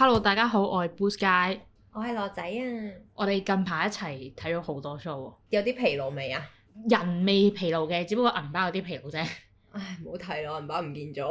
Hello，大家好，我係 Boost 街，我係羅仔啊。我哋近排一齊睇咗好多 show，有啲疲勞未啊？人未疲勞嘅，只不過銀包有啲疲勞啫。唉，唔好提咯，銀包唔見咗。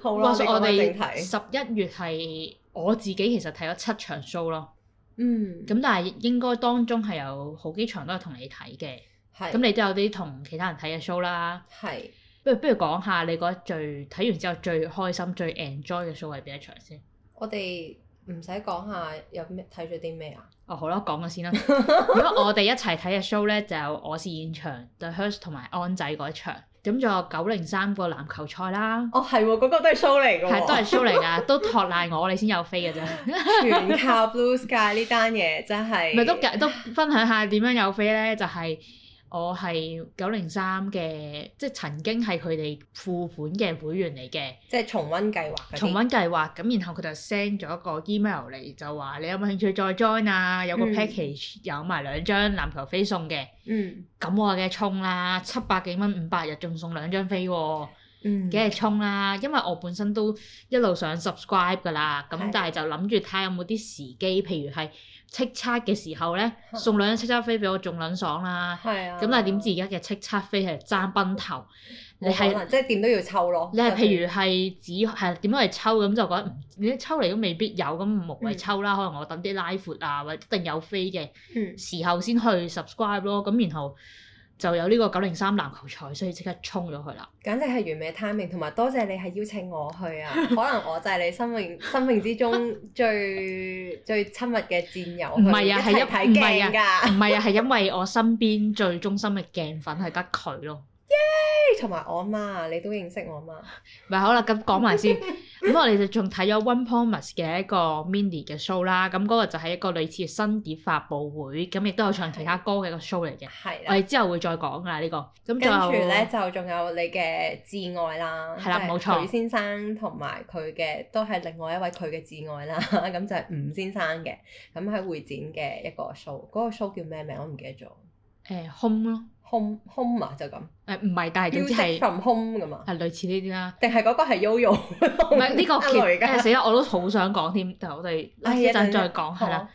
好啦，話說我哋十一月係我自己其實睇咗七場 show 咯。嗯。咁但係應該當中係有好幾場都係同你睇嘅，咁係你都有啲同其他人睇嘅 show 啦。係。不如不如講下你覺得最睇完之後最開心、最 enjoy 嘅 show 係邊一場先？我哋唔使講下有咩睇咗啲咩啊？哦，好啦，講咗先啦。 如果我哋一齊睇嘅 show 咧，就有我是現場 The Hertz 同埋安仔嗰一場。咁仲有九零三個籃球賽啦。哦，係喎，嗰、嗰個都係 show 嚟㗎。係 都係 show 嚟㗎，都托賴我你先有飛㗎啫。 全靠 Blue Sky 呢單嘢真係。咪 都都分享下點樣有飛咧？就係、係。我係九零三嘅，即係曾經係佢哋付款嘅會員嚟嘅。即係重温計,計劃。重温計劃，咁然後佢就 send 咗一個 email 嚟，就話你有冇興趣再 join 啊？有個 package、嗯、有埋兩張籃球飛送嘅。嗯。咁我梗係充啦，七百幾蚊五百日，仲送兩張飛喎、啊。嗯。梗係充啦？因為我本身都一路想 subscribe 㗎啦，咁但係就諗住睇有冇啲時機，譬如係。叱咤嘅時候咧，送兩張叱咤飛俾我仲撚爽啦。係啊。咁但係點知而家嘅叱咤飛係爭崩頭，你係是即係點都要抽咯。你係譬如係只係點樣去抽咁就覺得、嗯、你抽嚟都未必有咁，無謂抽啦。嗯、可能我等啲拉闊啊，或者一定有飛嘅時候先去 subscribe 咯。咁、嗯、然後，就有呢個九零三籃球賽，所以即刻衝咗去啦！簡直係完美 timing，同埋多謝你係邀請我去啊！ 可能我就係你生命生命之中最 最親密嘅戰友。唔係啊，係一唔係 啊，唔係啊，係因為我身邊最忠心嘅鏡粉係得佢咯。同埋我阿媽，你都認識我阿媽。唔係好啦，咁講埋先。咁我哋就仲睇咗 One Promise 嘅一個 mini 嘅 show 啦。咁、那、嗰個就係一個類似新碟發布會，咁亦都有唱其他歌嘅一個 show 嚟嘅。係。Okay. 我哋之後會再講噶啦呢個。咁跟住咧就仲有你嘅摯愛啦。係啦，冇錯。許先生同埋佢嘅都係另外一位佢嘅摯愛啦。咁 就係吳先生嘅。咁喺會展嘅一個 show，嗰個 show 叫咩名？我唔記得咗。誒 Home 咯。Home home 嘛，就咁誒唔係，但係點知係 from home 噶嘛，係類似呢啲啦，定係嗰個係 YoYo？唔係，呢個叫死啦！我都好想講添，但係我哋一陣再講，係啦。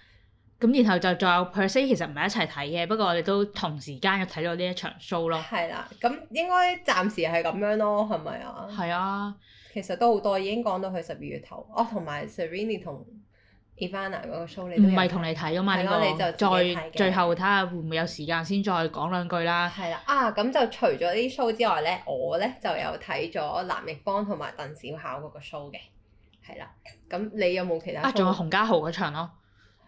咁然後就再有 perse，其實唔係一齊睇嘅，不過我哋都同時間又睇咗呢一場 show 咯。係啦，咁應該暫時係咁樣咯，係咪啊？係啊，其實都好多，已經講到去十二月頭。我同埋 Serrini 同。Evan 那嗰個 show 你都唔係同你睇㗎嘛，係咯、這個啊、你就再最後睇下會唔會有時間先再講兩句啦。係啦，啊咁就除咗呢啲 show 之外咧，我咧就有睇咗藍奕邦同埋鄧小巧嗰個 show 嘅，係啦。咁你有冇其他啊？仲有洪嘉豪嗰場咯，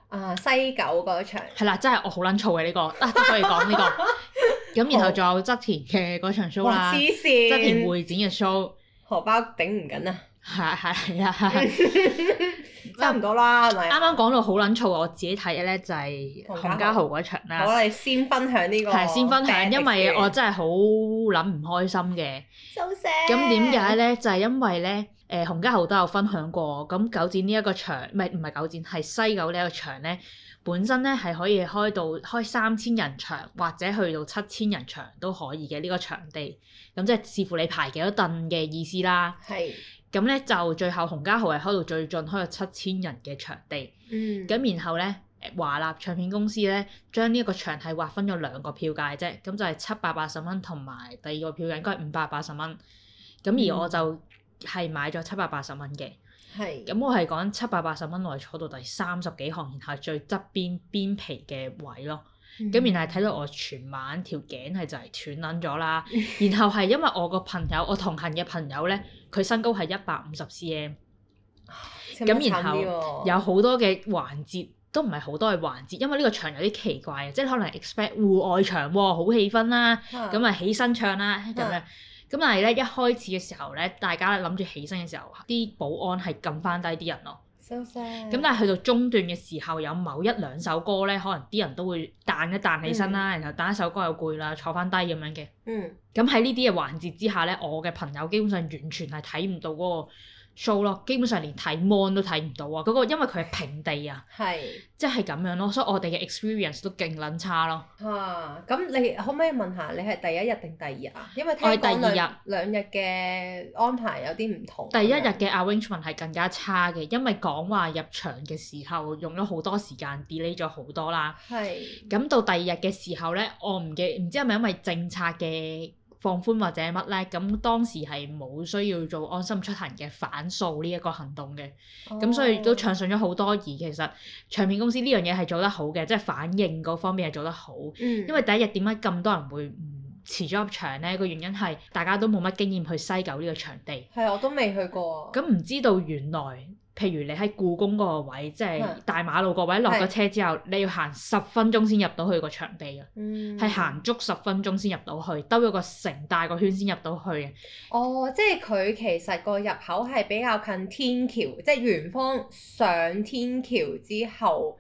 啊西九嗰場係啦，真係我好撚躁嘅呢個，都可以講呢個。咁然後仲有側田嘅嗰場 show 啦、啊，側田會展嘅 show，荷包頂唔緊啊！係啊，係啊， 差唔多啦，啱啱講到好撚燥，我自己睇嘅咧就係洪嘉豪嗰場啦。我哋先分享呢、這個。係先分享，呃、因為我真係好諗唔開心嘅。收聲。咁點解咧？就係、是、因為咧，誒、呃、洪嘉豪都有分享過。咁九展呢一個場，唔係唔係九展，係西九呢一個場咧，本身咧係可以開到開三千人場，或者去到七千人場都可以嘅呢、這個場地。咁即係視乎你排幾多凳嘅意思啦。係。咁咧就最後洪嘉豪係開到最盡，開到七千人嘅場地。嗯。咁然後咧，華納唱片公司咧將呢一個場係劃分咗兩個票價啫。咁就係七百八十蚊同埋第二個票價應該係五百八十蚊。咁而我就係、嗯、買咗七百八十蚊嘅。係是。咁我係講七百八十蚊，我係坐到第三十幾行，然後係最側邊邊皮嘅位咯。咁、嗯、然後睇到我全晚條頸係就係斷撚咗啦， 然後係因為我個朋友，我同行嘅朋友咧，佢身高係一百五十 cm，咁 然後有好多嘅環節都唔係好多嘅環節，因為呢個場有啲奇怪嘅，即係可能 expect 戶外場喎、哦，好氣氛啦，咁啊 起身唱啦咁 樣，咁但係咧一開始嘅時候咧，大家諗住起身嘅時候，啲保安係撳翻低啲人咯。咁 So 但係去到中段嘅時候，有某一兩首歌咧，可能啲人都會彈一彈起身啦，mm hmm. 然後彈一首歌又攰啦，坐翻低咁樣嘅。嗯、mm。咁喺呢啲嘅環節之下咧，我嘅朋友基本上完全係睇唔到嗰個 show 咯，基本上連睇 mon 都睇唔到啊！嗰個因為佢係平地啊，是即係咁樣咯，所以我哋嘅 experience 都勁撚差咯。嚇、啊，咁你可唔可以問下你係第一日定第二日？因為聽講兩我係第二日兩日嘅安排有啲唔同。第一日嘅 arrangement 係更加差嘅，因為講話入場嘅時候用咗好多時間 delay 咗好多啦。係是。咁到第二日嘅時候咧，我唔記，唔知係咪因為政策嘅？放寬或者乜咧，咁當時係冇需要做安心出行嘅反訴呢一個行動嘅，咁、oh. 所以都暢順咗好多，而其實唱片公司呢樣嘢係做得好嘅，即係反應嗰方面係做得好，mm. 因為第一日點解咁多人會遲咗入場咧？個原因係大家都冇乜經驗去西九呢個場地，係啊，我都未去過，咁唔知道原來。譬如你喺故宮嗰個位，即係大馬路嗰位落咗車之後，是你要行十分鐘先入到去個場地啊，係行、嗯、足十分鐘先入到去，兜咗個成大個圈先入到去嘅。哦，即係佢其實個入口係比較近天橋，即係圓方上天橋之後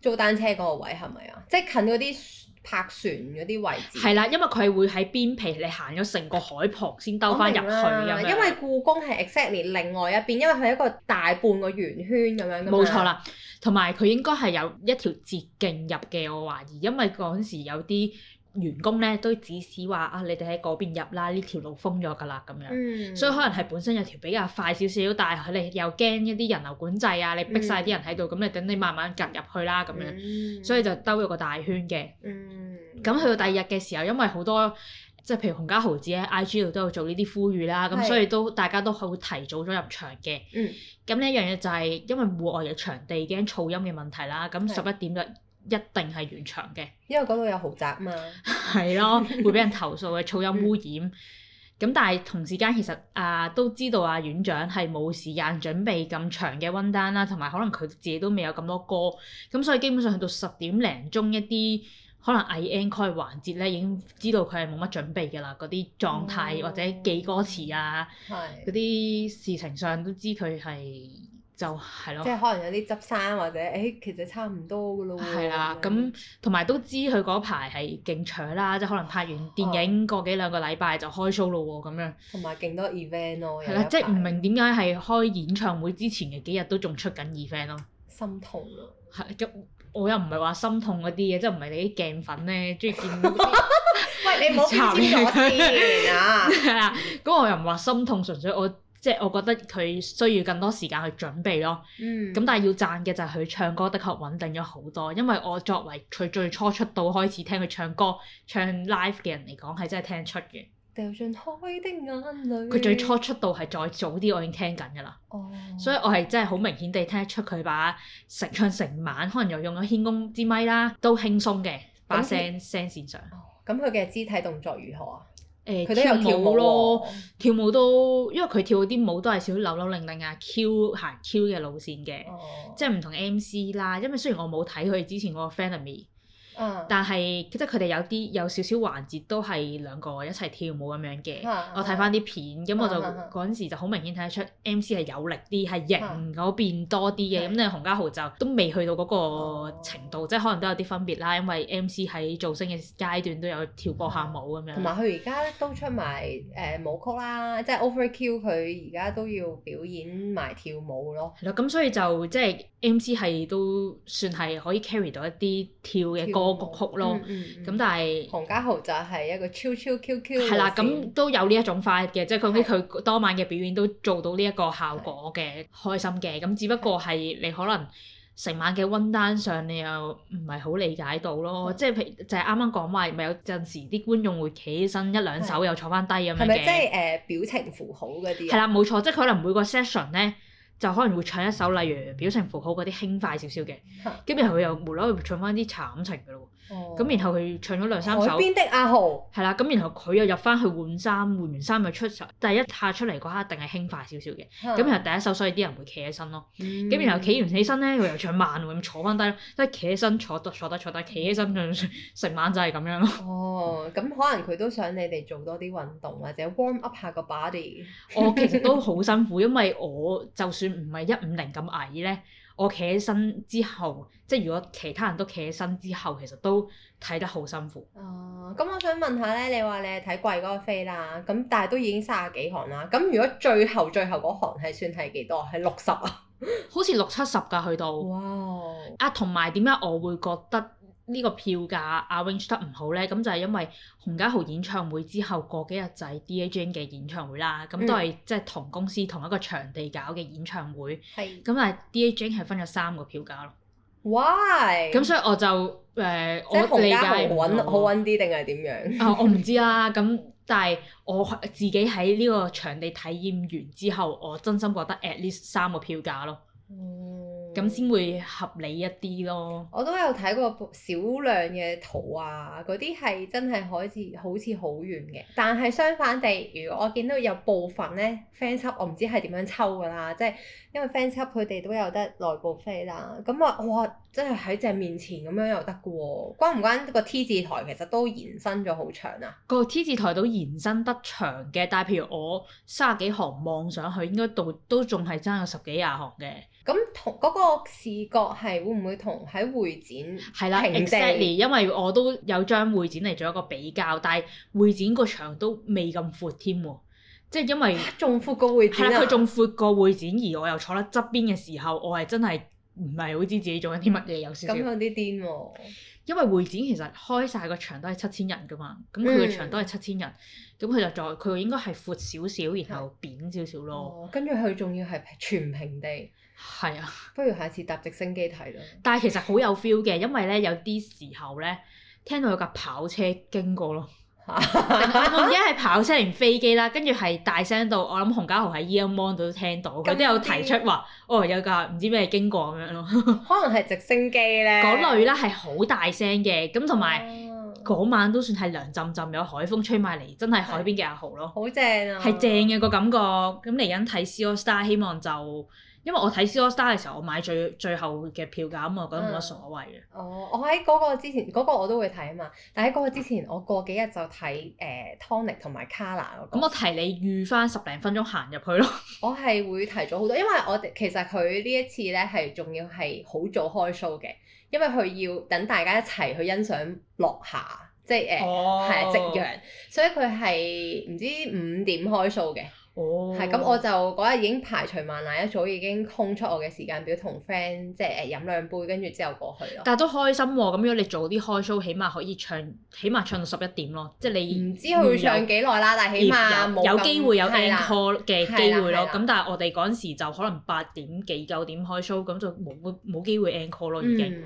租單車嗰個位係咪啊？即係近嗰啲。泊船嗰啲位置係啦， 因為佢會喺邊皮，你行咗成個海旁先兜翻入去咁，因為故宮係 exactly 另外一邊，因為佢係一個大半個圓圈咁樣。冇錯啦，同埋佢應該係有一條捷徑入嘅，我懷疑，因為嗰陣時有啲。員工咧都指使話啊，你哋喺嗰邊入啦，呢條路封咗㗎啦咁樣，嗯、所以可能係本身有條比較快少少，但係你又驚一啲人流管制啊，你逼晒啲人喺度，咁你等你慢慢夾入去啦咁樣，所以就兜咗個大圈嘅。咁去、嗯、到第二日嘅時候，因為好多即係譬如洪嘉豪子喺 IG 度都有做呢啲呼籲啦，咁是所以都大家都好提早咗入場嘅。咁呢一樣嘢就係、是、因為戶外嘅場地驚噪音嘅問題啦，咁十一點就。一定係完場嘅，因為嗰度有豪宅嘛。係咯， 會俾人投訴嘅噪音污染。咁、 嗯、但係同時間其實啊，都知道啊，院長係冇時間準備咁長嘅 rundown 啦，同埋可能佢自己都未有咁多歌。咁所以基本上去到十點零鐘一啲可能嗌 encore 環節咧，已經知道佢係冇乜準備㗎啦。嗰啲狀態、哦、或者記歌詞啊，嗰啲的事情上都知佢係。就係咯，即係可能有啲執生，或者，誒其實差唔多噶咯喎。係啦，咁同埋都知佢嗰排係勁搶啦，即係可能拍完電影過幾兩個禮拜就開 show 咯喎，咁樣。同埋勁多 event 咯。係啦，即係唔明點解係開演唱會之前嘅幾日都仲出緊 event 咯。心痛咯。係咁，我又唔係話心痛嗰啲嘢，即係唔係你啲鏡粉咧，中意見。喂，你唔好插呢啲啊！係啊，咁我又唔話心痛，純粹我。即係我覺得佢需要更多時間去準備咯。咁、嗯、但係要讚嘅就係佢唱歌的確穩定咗好多，因為我作為佢最初出道開始聽佢唱歌唱 live 嘅人嚟講，係真係聽得出嘅。掉進海的眼淚。佢最初出道係再早啲，我已經聽緊噶啦。哦、所以我係真係好明顯地聽得出佢把成唱成晚，可能又用咗天工之咪啦，都輕鬆嘅於把聲聲線上。哦。咁佢嘅肢體動作如何啊？佢都、欸、有跳舞咯，跳舞都，哦、因為佢跳嗰啲舞都係少少扭扭擰擰啊 Q，行 Q 嘅路線嘅，哦、即係唔同 MC 啦。因為雖然我冇睇佢之前嗰個 family。啊、但係即係佢哋有啲有少少環節都係兩個一齊跳舞咁樣嘅，啊、呵呵我睇翻啲片，咁我就嗰陣時就好明顯睇得出 MC 係有力啲，係型嗰邊多啲嘅。咁你洪嘉豪就都未去到嗰個程度，哦、即係可能都有啲分別啦。因為 MC 喺造星嘅階段都有跳過下舞咁樣，同埋佢而家都出埋誒舞曲啦，即係 Overkill 佢而家都要表演埋跳舞咯。係啦，咁所以就即係 MC 係都算係可以 carry 到一啲跳嘅歌。歌曲咯，咁、嗯嗯、 但係，洪嘉豪就係一個超超 Q Q、啊。係啦，咁都有呢一種快嘅，對即係佢啲佢當晚嘅表演都做到呢一個效果嘅，對開心嘅。咁只不過係你可能成晚嘅溫單上，你又唔係好理解到咯。對即係譬就係啱啱講話，咪對有陣時啲觀眾會企起身一兩首又坐翻低咁樣嘅。即係誒表情符號嗰啲啊？係啦，冇錯，即係佢可能每個 session 咧。就可能會唱一首，例如表情符號嗰啲輕快少少嘅，跟住佢又無啦啦會唱翻啲慘情嘅咯。咁、哦、然後佢唱咗兩三首，海邊的阿豪係啦。咁然後佢又入翻去換衫，換完衫又出場，但係一下出嚟嗰刻一定係輕快少少嘅。咁、嗯、然後第一首，所以啲人會企起身咯。咁、嗯、然後企完起身咧，佢又唱慢喎，咁 坐翻低咯，即係企起身坐得坐得坐得，企起身唱成晚就係咁樣咯。哦，咁可能佢都想你哋做多啲運動或者 warm up 下個 body。 我其實都好辛苦，因為我就算唔係一五零咁矮咧。我企起身之後，即係如果其他人都企起身之後，其實都睇得好辛苦。哦、嗯，咁我想問下咧，你話你係睇貴哥飛啦，咁但係都已經卅幾行啦。咁如果最後最後嗰行係算係幾多？係六十啊？好似六七十㗎去到。哇！啊，同埋點解我會覺得？呢個票價 arrange 得唔好咧，咁就係因為洪嘉豪演唱會之後過幾日就係 d a j 嘅演唱會啦，咁都係即係同公司、嗯、同一個場地搞嘅演唱會，咁是但係 d a j 係分咗三個票價咯。Why？咁所以我就誒，我理解我揾我揾啲定係點樣啊？我唔知啦。咁但係我自己喺呢、 哦啊、個場地體驗完之後，我真心覺得 at least 三個票價咯。嗯。咁先、嗯、會合理一啲咯。我都有睇過少量嘅圖啊，嗰啲係真係好似好似好遠嘅。但係相反地，如果我見到有部分咧，fan club 我唔知係點樣抽㗎啦，即係因為 fan club 佢哋都有得內部飛啦。咁啊哇，即係喺隻面前咁樣又得㗎喎。關唔關個 T 字台其實都延伸咗好長啊？個 T 字台都延伸得長嘅，但係譬如我三十幾行望上去，應該到都仲係爭有十幾廿行嘅。咁同嗰個視覺係會唔會同喺會展係啦的地，exactly，因為我都有將會展嚟做一個比較，但係會展個場都未咁闊添喎，即係因為仲闊過會展、啊，係啦，佢仲闊過會展，而我又坐喺側邊嘅時候，我係真係唔係好知自己做緊啲乜嘢，嗯、有少少咁有啲癲、啊、因為會展其實開晒個場都係七千人㗎嘛，咁佢個場都係七千人，咁佢、嗯嗯嗯、就再佢應該係闊少少，然後扁少少咯，跟住佢仲要係全平地。係啊，不如下次搭直升機睇咯。但係其實好有 feel 嘅，因為咧有啲時候咧聽到有架跑車經過咯。我而家係跑車定飛機啦，跟住係大聲到我諗洪嘉豪喺 E M o n 度都聽到，佢麼都有提出話：哦，有架唔知咩經過咁樣咯。可能係直升機咧。嗰類啦係好大聲嘅，咁同埋嗰晚都算係涼浸浸，有海風吹埋嚟，真係海邊嘅阿豪咯。好正啊！係正嘅個感覺，咁嚟緊睇《C AllStar》，希望就～因為我睇《Super Star》嘅時候，我買最最後嘅票價，咁我覺得冇乜所謂嘅、嗯。哦，我喺嗰個之前，嗰、嗰個我都會睇啊嘛，但喺嗰個之前，嗯、我過幾日就睇誒 Tony 同埋 Carla 嗰個，咁我提你預翻十零分鐘行入去咯。我係會提早好多，因為我哋其實佢呢一次咧係仲要係好早開 show 嘅，因為佢要等大家一齊去欣賞落霞，即係誒係夕陽，所以佢係唔知五點開 show 嘅。係，咁、oh. 我就嗰日已經排除萬難，一早已經空出我嘅時間表，同 friend 即係飲兩杯，跟住之後過去咯。但係都開心喎，咁如果你做啲開 show，起碼可以唱，起碼唱到十一點咯，即係你唔知佢會唱幾耐啦，嗯、但係起碼有機會有 encore 嘅機會咯。咁但係我哋嗰陣時就可能八點幾、九點開 show，咁就冇冇機會 encore 咯，嗯、已經。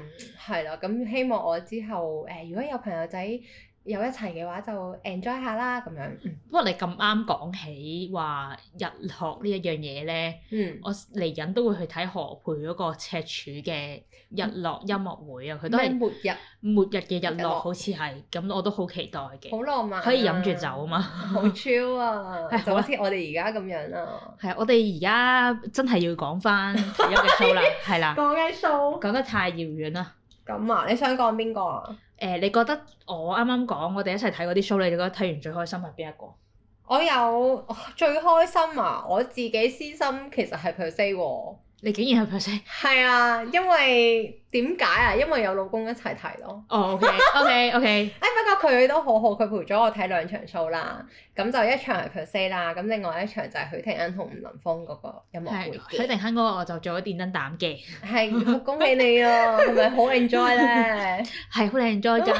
係啦，咁希望我之後誒、呃，如果有朋友仔。有一齊嘅話就 enjoy 下啦咁樣。不過你咁啱講起話日落呢一樣嘢咧，我嚟緊都會去睇何佩嗰個赤柱嘅日落音樂會啊！佢都係末日末日嘅日落，好似係咁，我都好期待嘅。好浪漫，可以飲住酒啊嘛！好 chill 啊，就好似我哋而家咁樣啊。係啊，我哋而家真係要講翻一個 show 啦，係啦。講緊 show，講得太遙遠啦。咁啊，你想講邊個啊？誒、呃，你覺得我啱啱講，我哋一齊睇嗰啲 show，你覺得睇完最開心係邊一個？我有、哦、最開心啊！我自己先心，心其實係 Perse。你竟然係 Perse？係啊，因為點解啊？因為有老公一齊睇咯。哦，OK，OK，OK。哎，不過佢都好好，佢陪咗我睇兩場 show 啦。咁就一場係 Perse 啦，咁另外一場就係許廷鏗同吳林峰嗰個音樂會、嗯。許廷鏗嗰個我就做咗電燈膽嘅。係， 恭喜你啊！係咪好 enjoy 咧？係， 好 enjoy 㗎。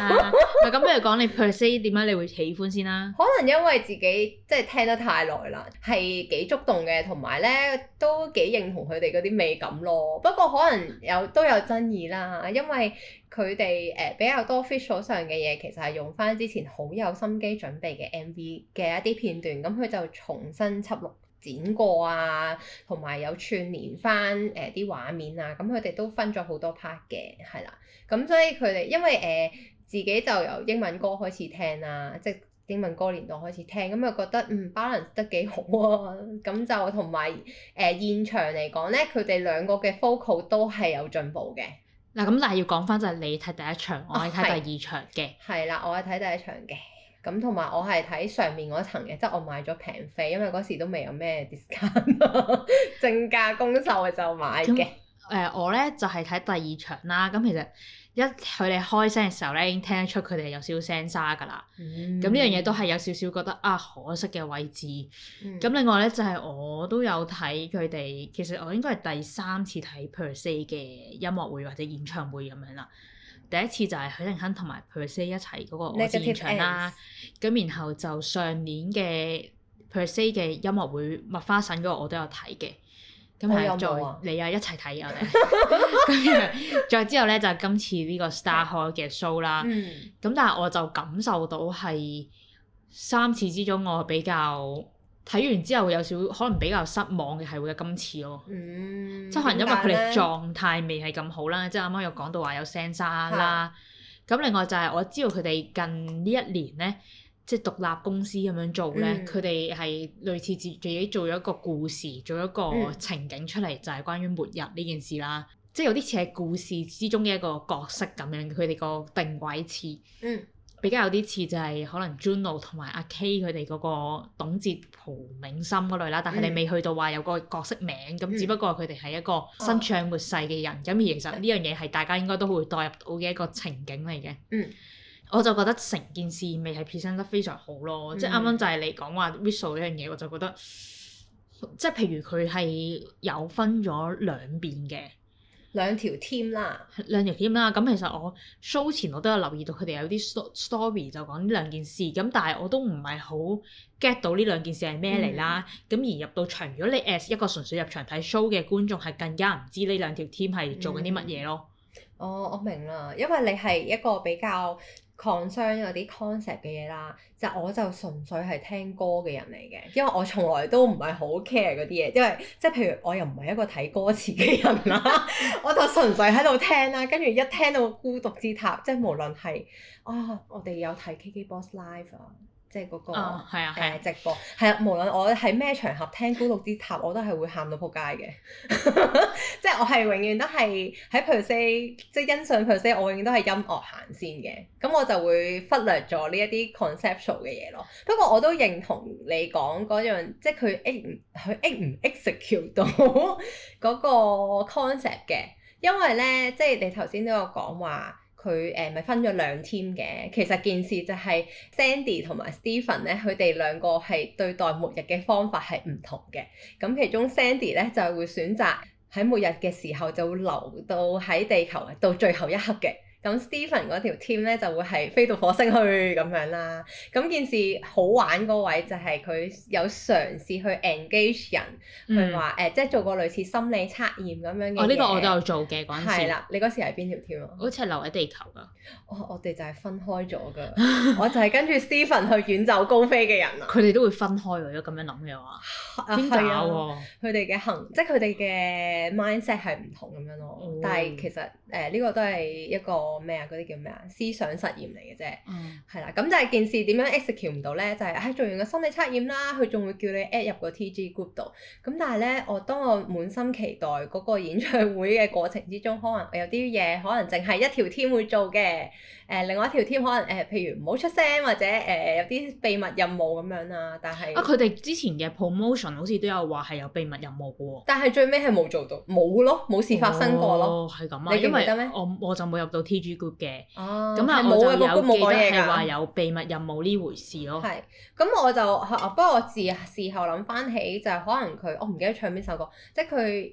咁不如講你 Perse 點解你會喜歡先啦。可能因為自己即係聽得太耐啦，係幾觸動嘅，同埋咧都幾認同佢哋嗰啲美感咯。不過可能有都有爭議。啦，因為佢哋誒比較多 official 上嘅嘢，其實係用翻之前好有心機準備嘅 M.V. 嘅一啲片段，咁、嗯、佢就重新輯錄剪過啊，同埋有，有串連翻誒啲畫面啊，咁佢哋都分咗好多 part 嘅，係啦，咁、嗯、所以佢哋因為誒、呃、自己就由英文歌開始聽啦、啊，即係英文歌年代開始聽，咁、嗯、又覺得嗯 balance 得幾好啊，咁、嗯、就同埋誒現場嚟講咧，佢哋兩個嘅 focal 都係有進步嘅。嗱咁，但係要講翻就係你睇第一場，哦、我係睇第二場嘅。係啦，我係睇第一場嘅，咁同埋我係睇上面嗰層嘅，即、就、係、是、我買咗平飛，因為嗰時都未有咩 discount， 正價公售我就買嘅。誒、呃，我咧就係、是、睇第二場啦，咁其實。一佢哋開聲嘅時候咧，已經聽得出佢哋有少少聲沙噶啦。咁呢、mm hmm. 樣嘢都係有少少覺得啊可惜嘅位置。咁、mm hmm. 另外咧就係、是、我都有睇佢哋，其實我應該係第三次睇 Perse 嘅音樂會或者演唱會咁樣啦。第一次就係許廷鏗同埋 Perse 一齊嗰個我是現場啦。咁、like、然後就上年嘅 Perse 嘅音樂會麥花臣嗰個我都有睇嘅。咁係、嗯、再有有你又、啊、一齊睇我哋，跟住再之後咧就係、是、今次呢個 Star 的開嘅 show 啦、嗯。咁但係我就感受到係三次之中我比較睇完之後有少可能比較失望嘅係會有今次咯、哦。嗯，即可能因為佢哋狀態未係咁好啦，即係啱啱又講到話有聲沙啦。咁的另外就係我知道佢哋近呢一年咧。即係獨立公司咁樣做咧，佢哋係類似自己做咗一個故事，做一個情景出嚟，嗯、就係關於末日呢件事啦。即係有啲似係故事之中嘅一個角色咁樣，佢哋個定位似、嗯、比較有啲似就係可能 Juno 同埋阿 K 佢哋嗰個董哲、蒲銘心嗰類啦。但係你未去到話有個角色名咁，嗯、只不過佢哋係一個身處喺末世嘅人咁。啊、而其實呢樣嘢係大家應該都會代入到嘅一個情景嚟嘅。嗯。我就覺得成件事未係 present 得非常好咯，嗯、即係啱啱就係你講話 visual 呢樣嘢，我就覺得即係譬如佢係有分咗兩邊嘅兩條 team 啦，兩條 team 啦。咁其實我 show 前我都有留意到佢哋有啲 story 就講呢兩件事，咁但係我都唔係好 get 到呢兩件事係咩嚟啦。咁、嗯、而入到場，如果你 as 一個純粹入場睇 show 嘅觀眾，係更加唔知呢兩條 team 係做緊啲乜嘢咯。哦，我明啦，因為你係一個比較 concern 嗰啲 concept 嘅嘢啦，就是、我就純粹係聽歌嘅人嚟嘅，因為我從來都唔係好 care 嗰啲嘢，因為即係譬如我又唔係一個睇歌詞嘅人啦， 我就純粹喺度聽啦，跟住一聽到《孤獨之塔》，即係無論係啊，我哋有睇 KKBOX Live 啊。即係嗰、那個誒、哦啊呃、直播，係啊！啊無論我喺咩場合聽《孤獨之塔》，我都係會喊到撲街嘅。 即係我係永遠都係喺 p e r c e i v 即係欣賞 p e r c e i v 我永遠都係音樂行先嘅。咁我就會忽略咗呢一啲 conceptual 嘅嘢咯。不過我都認同你講嗰樣，即係佢、e、誒唔佢誒、e、唔 execute 到嗰個 concept 嘅。因為咧，即係你頭先都有講話。佢誒咪分咗兩 team 嘅，其實件事就係 Sandy 同埋 Stephen 咧，佢哋兩個係對待末日嘅方法係唔同嘅。咁其中 Sandy 咧就係會選擇喺末日嘅時候就會留到喺地球到最後一刻嘅。咁 Steven 嗰條 team 咧就會係飛到火星去咁樣啦。咁件事好玩嗰位就係佢有嘗試去 engage 人，去話誒，即係做過類似心理測驗咁樣嘅。哦、啊，呢、這個我都有做嘅嗰陣時。係啦，你嗰時係邊條 team 啊？好似係留喺地球噶。我我哋就係分開咗噶， 我就係跟住 Steven 去遠走高飛嘅人啊。佢哋 都會分開喎，如果咁樣諗嘅話。真假喎？佢哋嘅行，即係佢哋嘅 mindset 係唔同咁樣咯。但係其實誒，呢、呃這個都係一個。我咩啊？嗰啲叫咩啊？思想實驗嚟嘅啫，係啦、嗯，咁就係件事點樣 execute 唔到咧？就係、是、啊、哎，做完個心理測驗啦，佢仲會叫你 add 入個 TG group 度。咁但係咧，我當我滿心期待嗰個演唱會嘅過程之中，可能我有啲嘢可能淨係一條添會做嘅。誒另外一條 team 可能，誒、呃，譬如唔好出聲或者誒、呃、有啲秘密任務咁樣啦，但係啊，佢哋之前嘅 promotion 好似都有話係有秘密任務嘅喎，但係最尾係冇做到，冇咯，冇事發生過咯，係咁、哦、啊，你記得咩？我就我就冇入到 TG group 嘅，咁啊我就冇有記得係話有秘密任務呢回事咯，係、嗯，咁、嗯嗯、我就不過我自事後諗翻起就係可能佢我唔記得唱邊首歌，即係佢。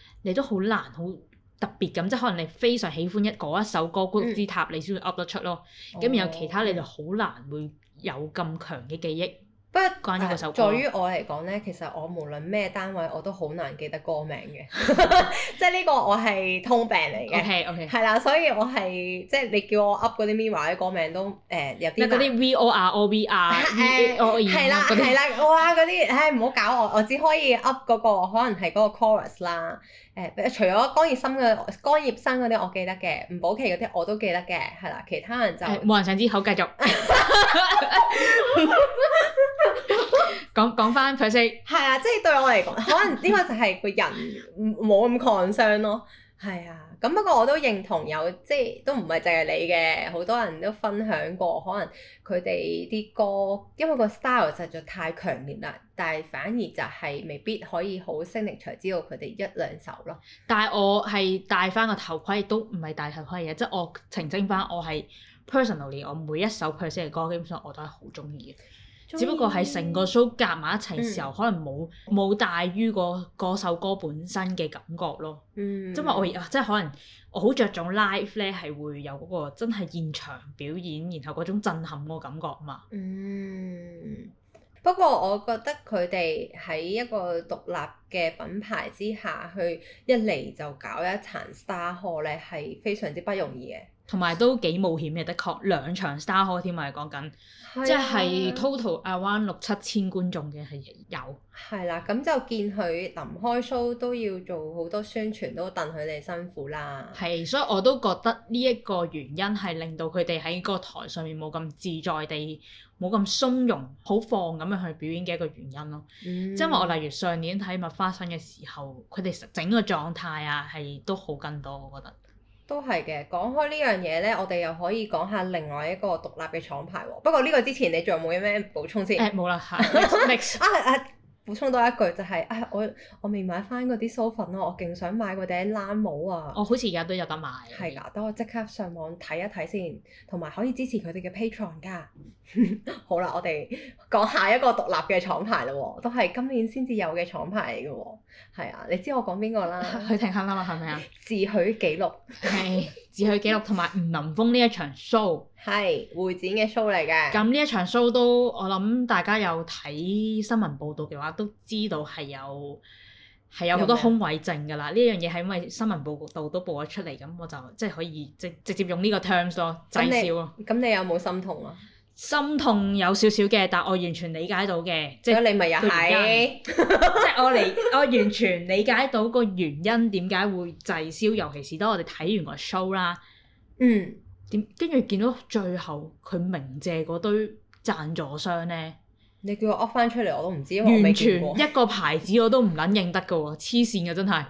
你都好難好特別咁，即係可能你非常喜歡一嗰一首歌《孤之塔》，你先會 up 得出咯。咁然後其他你就好難會有咁強嘅記憶。不過關於呢個首歌，在於我嚟講咧，其實我無論咩單位我都好難記得歌名嘅，即係呢個我係通病嚟嘅。OK OK。係啦，所以我係即係你叫我 up 嗰啲 Mirror 嘅歌名都誒有啲。嗰啲 V O R O V R，係啦係啦，哇嗰啲唉，唔好搞我，我只可以 up 嗰個可能係嗰個 chorus 啦。誒、欸，除咗江葉生嘅江葉生嗰啲，我記得嘅，吳寶琪嗰啲我都記得嘅，係啦，其他人就冇、欸、人想知，好，繼續。講講翻佢先，o 係啊，即係對我嚟講，可能呢個就係個人冇咁 concern 咯，係啊。咁不過我都認同有即係都唔係淨係你嘅，好多人都分享過，可能佢哋啲歌因為個 style 實在太強烈啦，但係反而就係未必可以好識力才知道佢哋一兩首咯。但係我係戴翻個頭盔都唔係戴頭盔嘅，即係我澄清翻，我係 personally 我每一首 per se 嘅歌，基本上我都係好中意嘅。只不過係成個 show 夾埋一齊時候，嗯、可能冇冇大於嗰首歌，歌本身嘅感覺咯。嗯、即係我即係可能我好着重 live 咧，係會有嗰個真係現場表演，然後嗰種震撼個感覺嘛。嗯。不過我覺得佢哋喺一個獨立嘅品牌之下去一嚟就搞一層沙河咧，係非常之不容易嘅。同埋都幾冒險嘅，的確兩場 Star Hall 添的，我哋講緊，即係 total 亞灣六七千觀眾嘅係有。係啦，咁就見佢臨開 show 都要做好多宣傳，都戥佢哋辛苦啦。係，所以我都覺得呢一個原因係令到佢哋喺個台上面冇咁自在地，冇咁鬆容，好放咁樣去表演嘅一個原因咯。即係我例如上年睇《麥花臣》嘅時候，佢哋整個狀態啊，係都好更多，我覺得。都係嘅，講開呢樣嘢呢，我哋又可以講下另外一個獨立嘅廠牌喎、哦。不過呢個之前你仲有冇咩補充先？冇啦、呃，係、 啊。啊補充多一句就係、是、啊，我我未買翻嗰啲梳粉咯，我勁想買個頂冷帽啊。我、哦、好似而家都有得買。係啊，等我即刻上網睇一睇先，同埋可以支持佢哋嘅 Patreon 㗎。 好啦，我哋講下一個獨立嘅廠牌啦，哦，都係今年先至有嘅廠牌嚟嘅，哦，係啊，你知我講邊個啦？許廷鏗啊，係咪啊？自許紀錄係自許紀錄，同埋吳林峰呢一場 show 係會 展嘅 show 嚟嘅。咁呢一場 show 都我諗大家有睇新聞報道嘅話，都知道係有係有好多空位剩噶啦。呢樣嘢係因為新聞報道都報咗出嚟，咁我就即係，就是，可以直直接用呢個 terms 咯，滯銷咯。咁你，你有冇心痛啊？心痛有少少嘅，但我完全理解到嘅，即係你咪又係，在 即係我理，我完全理解到個原因點解會滯銷，尤其是當我哋睇完個 show 啦，嗯，點跟住見到最後佢明借嗰堆贊助商咧，你叫我噏翻出嚟我都唔知，我完全一個牌子我都唔撚認得㗎喎，黐線嘅，真係。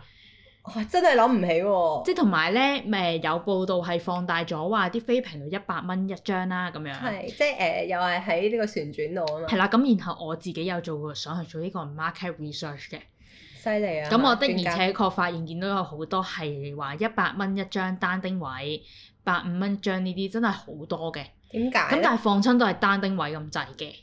我、哦、真係諗唔起喎、啊，即係同埋咧，咪有報道係放大咗話啲飛平到一百蚊一張啦，咁樣係即係誒、呃、又係喺呢個旋轉度，啊嘛。係啦，咁然後我自己有做過想去做呢個 market research 嘅，犀利啊！咁我的而且確發現見到有好多係話一百蚊一張單丁位，百五蚊張呢啲真係好多嘅。點解咁？但係放親都係單丁位咁滯嘅。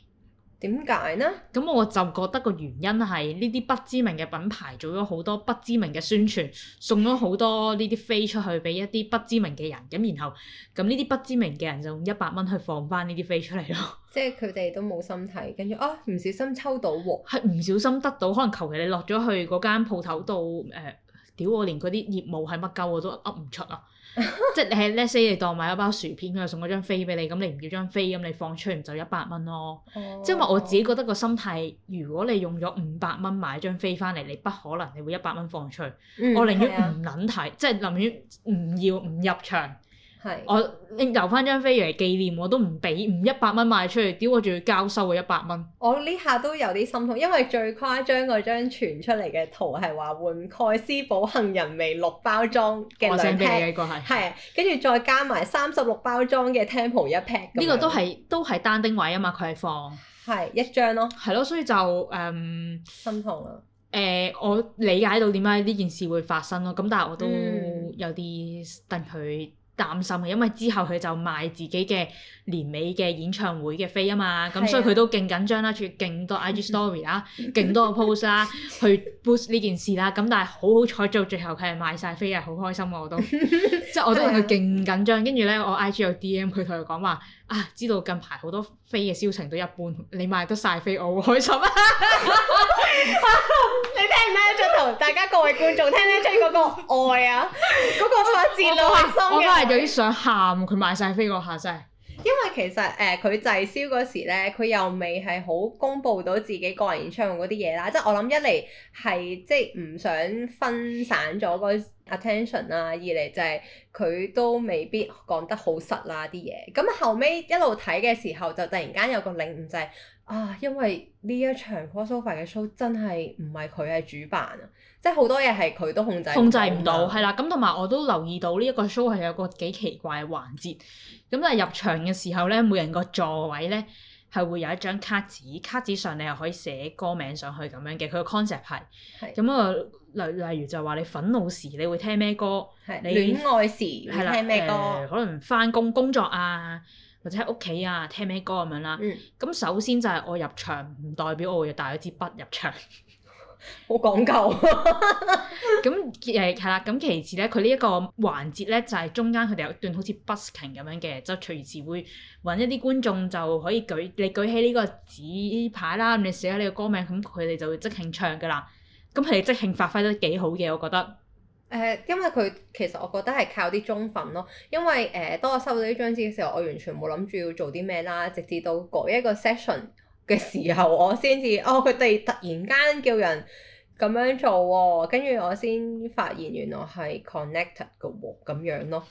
點解呢？咁我就覺得個原因係呢啲不知名嘅品牌做咗好多不知名嘅宣傳，送咗好多呢啲飛出去俾一啲不知名嘅人，咁然後咁呢啲不知名嘅人就用一百蚊去放翻呢啲飛出嚟咯。即係佢哋都冇心睇，跟住啊唔小心抽到喎、係唔小心得到，可能求其你落咗去嗰間鋪頭度，誒、呃、屌我連嗰啲業務係乜鳩我都噏唔出啊！ 即係你喺 Letsay 嚟當買咗包薯片，佢又送咗張飛俾你，咁你唔要張飛咁你放出去，唔就一百蚊咯。即係、oh, oh. 因為我自己覺得個心態，如果你用咗五百蚊買張飛翻嚟，你不可能你會一百蚊放出去。來我寧願唔撚睇，啊、即係寧願唔要唔入場。是我留翻張飛嚟紀念，我都唔俾唔一百蚊賣出去，屌我仲要交收嘅一百蚊。我呢下都有啲心痛，因為最誇張嗰張傳出嚟嘅圖係話換蓋斯寶杏仁味六包裝嘅兩 pack，係跟住再加埋三十六包裝嘅 temple 一 pack。呢個都係都係單丁位啊嘛，佢係放係一張咯。係咯，所以就誒、嗯、心痛咯。誒、呃，我理解到點解呢件事會發生咯，咁但係我都有啲戥佢。擔心因為之後佢就賣自己嘅年尾嘅演唱會嘅飛啊嘛，咁、啊、所以佢都勁緊張啦，仲要勁多 IG story 啦，勁 多個 post 啦，去 boost 呢件事啦，咁但係好好彩，做最後佢係賣晒飛，係好開心喎、啊、我都， 即係我都問佢勁緊張，跟住咧我 IG 有 DM 佢同佢講話。啊！知道近排好多飛嘅銷情都一般，你賣得晒飛，我好開心啊！你聽唔聽得到？大家各位觀眾聽唔聽到嗰個愛啊？嗰、嗰個字好開心嘅，我都係有啲想喊，佢賣晒飛嗰下真因為其實誒佢滯銷嗰時咧，佢又未係好公佈到自己個人演唱會嗰啲嘢啦，即係我諗一嚟係即係唔想分散咗個 attention 啦、啊，二嚟就係佢都未必講得好實啦啲嘢，咁後尾一路睇嘅時候就突然間有個領悟就係、是。啊，因為呢一場 Paulo f r 嘅 show 真係唔係佢係主辦啊，即係好多嘢係佢都控制，控制唔到，係啦。咁同埋我都留意到呢一個 show 係有個幾奇怪嘅環節，咁啊入場嘅時候咧，每人個座位咧係會有一張卡紙，卡紙上你又可以寫歌名上去咁樣嘅。佢個 concept 係，咁啊是、嗯、例例如就話你憤怒時你會聽咩歌，是你戀愛時你會聽咩歌啦、呃，可能翻工工作啊。或者喺屋企啊，聽咩歌咁樣啦。咁、嗯、首先就係我入場，唔代表我又帶咗支筆入場，好講究。咁誒係啦。咁其次咧，佢呢一個環節咧，就係、是、中間佢哋有一段好似 busking 咁樣嘅，就係隨時會揾一啲觀眾就可以舉，你舉起呢個紙牌啦，你寫下你個歌名，咁佢哋就會即興唱噶啦。咁佢哋即興發揮得幾好嘅，我覺得。誒，uh, 因為佢其實我覺得係靠啲忠粉咯，因為誒、uh, 當我收到呢張紙嘅時候，我完全冇諗住要做啲咩啦，直至到嗰一個 session 嘅時候，我先至哦，佢哋突然間叫人咁樣做喎，跟住我先發現原來係 connected 㗎喎，咁樣咯。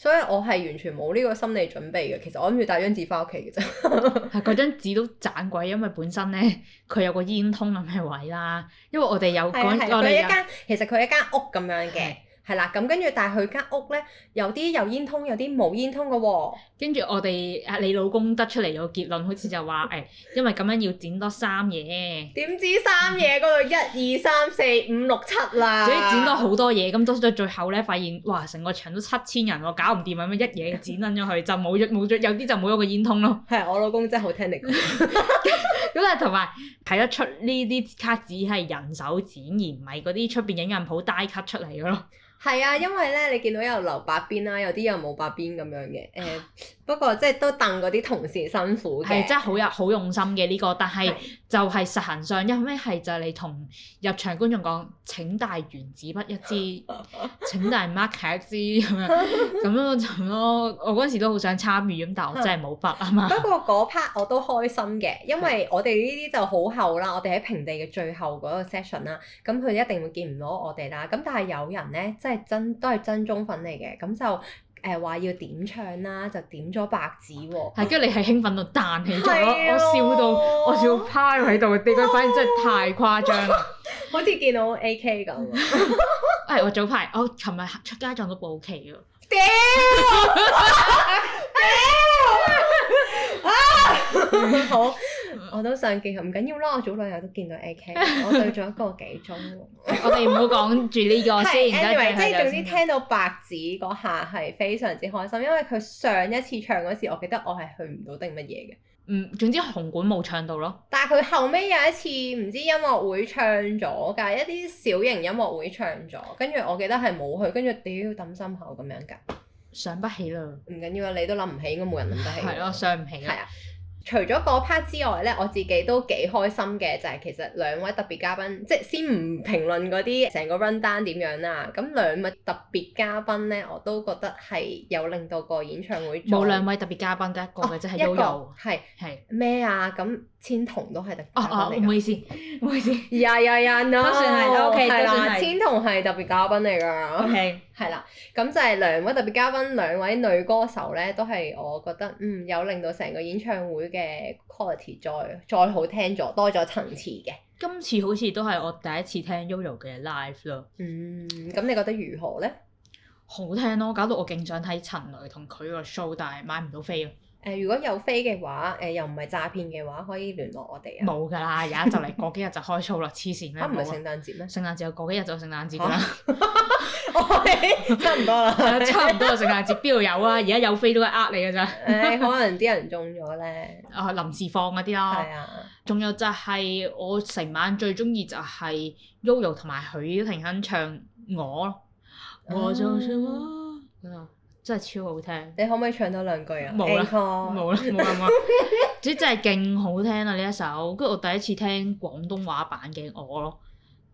所以我係完全冇呢個心理準備嘅，其實我諗住帶張紙返屋企嘅啫，係嗰張紙都盞鬼，因為本身咧佢有個煙通咁嘅位啦，因為我哋有嗰我哋一間，其實佢係一間屋咁樣嘅。係啦，咁跟住但係佢間屋咧有啲有煙通，有啲冇煙通嘅喎、哦。跟住我哋啊，你老公得出嚟個結論，好似就話誒、哎，因為咁樣要剪多三嘢。點知三嘢嗰度一， 一二三四五六七啦，即係剪多好多嘢。咁多到最後咧，發現哇，成個場都七千人喎，搞唔掂啊！咁樣一嘢剪撚咗佢就冇咗冇咗，有啲就冇咗個煙通咯。係我老公真係好聽力。講。咁咧同埋睇得出呢啲卡紙係人手剪而唔係嗰啲出邊影印鋪 die cut 出嚟嘅咯。係啊，因為咧，你見到有留白邊啦，有啲又冇白邊咁樣嘅。誒、呃， 不過即係都戥嗰啲同事辛苦嘅，係真係好有好用心嘅呢、呢個。但係就係實行上，因為係就係你同入場觀眾講：請帶原子筆一支， 請帶 marker 一支咁 樣咁樣咯。我嗰陣時都好想參與咁，但我真係冇筆啊嘛。 不過嗰 part 我都開心嘅，因為我哋呢啲就好後啦，我哋喺平地嘅最後嗰個 session 啦，咁佢哋一定會見唔到我哋啦。咁但係有人咧，即係係真都係真中粉嚟嘅，咁就誒話要點唱啦，就點咗白紙喎，係，跟住你係興奮到彈起咗，我笑到我笑到趴喺度，呢佢反應真係太誇張啦，好似見到 AK 咁，係我早排，我琴日出街撞到部 K 啊，Damn! Damn! 啊， 好，我都想見，唔緊要啦。我早兩日都見到 AK，我對咗一個幾鐘。 我哋唔好講住呢個先。即係總之聽到白紙嗰下係非常之開心，因為佢上一次唱嗰時，我記得我係去唔到定乜嘢嘅。嗯，總之紅館冇唱到咯。但係佢後尾有一次唔知音樂會唱咗，但一啲小型音樂會唱咗，跟住我記得係冇去，跟住屌抌心口咁樣㗎。想不起啦，唔緊要啊，你都諗唔起，應該冇人諗得起，啊。係咯， 想唔起啦。係啊，除咗嗰 part 之外咧，我自己都幾開心嘅，就係、是、其實兩位特別嘉賓，即係先唔評論嗰啲成個 run down 點樣啦。咁兩位特別嘉賓咧，我都覺得係有令到個演唱會做冇兩位特別嘉賓得一個嘅，即係優優。係係咩啊？咁。千桐都係特哦哦，唔、oh, oh, 好意思，唔好意思，呀呀呀，no，算啦 ，okay, 的 bye. 千桐係特別嘉賓嚟㗎，OK，係啦，咁就係兩位特別嘉賓，兩位女歌手咧，都係我覺得嗯有令到成個演唱會嘅 quality 再再好聽咗，多咗層次嘅。今次好似都係我第一次聽 Yoyo 嘅 live 咯，嗯，咁你覺得如何咧？ 好聽咯、哦，搞到我勁想睇陳雷同佢個 show，但係買唔到飛咯。誒如果有飛嘅話，誒又唔係詐騙嘅話，可以聯絡我哋啊！冇㗎啦，而家就嚟過幾日就開騷啦，黐線啦！唔係、啊、聖誕節咩？聖誕節又過幾日就聖誕節㗎啦，差唔多啦，差唔多聖誕節邊度有啊？有而家有飛都係呃你㗎咋？誒、 哎，可能啲人中咗咧。啊，臨時放嗰啲咯。係啊，仲是有就係我成晚最中意就係 U U 同埋許廷鏗唱我。我就是我。寫咯真係超好聽，你可唔可以唱多兩句啊？冇啦，冇啦，冇啦，冇啦，啲真係勁好聽啦！呢一首，跟住我第一次聽廣東話版嘅我咯，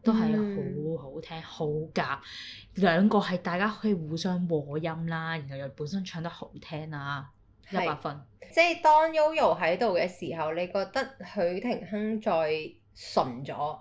都係好好聽，嗯、好夾兩個係大家可以互相和音啦，然後又本身唱得好聽啦，一百分。即係當 Yoyo 喺度嘅時候，你覺得許廷鏗再純咗？